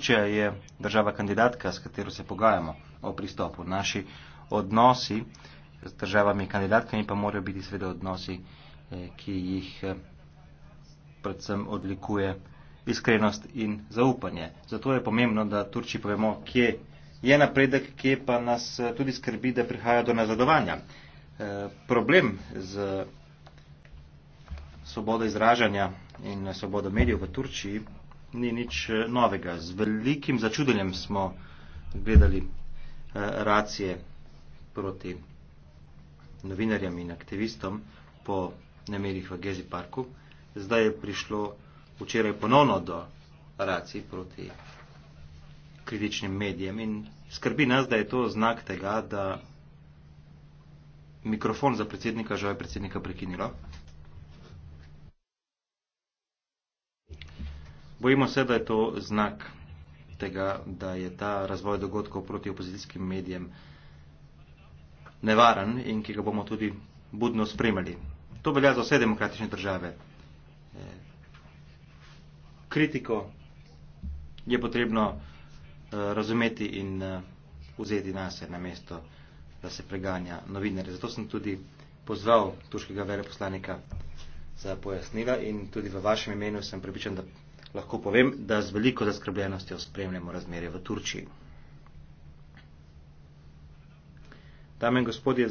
Grčija je država kandidatka, s katero se pogajamo o pristopu. Naši odnosi z državami kandidatkami pa morajo biti sveda odnosi, eh, ki jih eh, predvsem odlikuje iskrenost in zaupanje. Zato je pomembno, da Turči povemo, kje je napredek, kje pa nas eh, tudi skrbi, da prihaja do nazadovanja. Problem z svobodo izražanja in svobodo medijev v Turčiji ni nič eh, novega. Z velikim začudenjem smo gledali eh, racije proti novinarjem in aktivistom po nemerih v Gezi parku. Zdaj je prišlo včeraj ponovno do racij proti kritičnim medijem in skrbi nas, da je to znak tega, da mikrofon za predsednika žal je predsednika prekinilo. Bojimo se, da je to znak tega, da je ta razvoj dogodkov proti opozicijskim medijem nevaren in ki ga bomo tudi budno spremljali. To velja za vse demokratične države. E, kritiko je potrebno e, razumeti in e, vzeti nase na mesto, da se preganja novinarje. Zato sem tudi pozval turškega veleposlanika za pojasnila in tudi v vašem imenu sem pripričan, da lahko povem, da z veliko zaskrbljenostjo spremljamo razmere v Turčiji. Dame in gospodje,